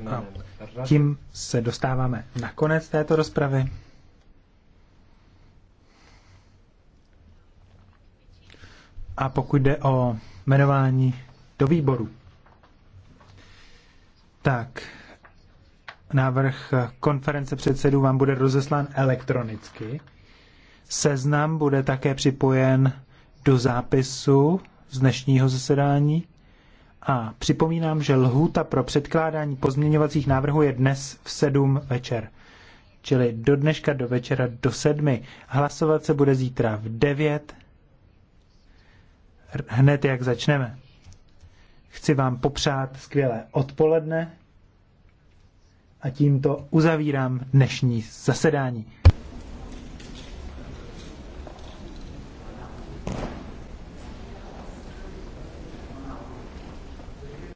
No. tím se dostáváme na konec této rozpravy. A pokud jde o jmenování do výboru, tak návrh konference předsedů vám bude rozeslán elektronicky. Seznam bude také připojen do zápisu z dnešního zasedání a připomínám, že lhůta pro předkládání pozměňovacích návrhů je dnes v 7 večer. Čili do dneška do večera do 7. Hlasovat se bude zítra v 9. Hned jak začneme. Chci vám popřát skvělé odpoledne a tímto uzavírám dnešní zasedání.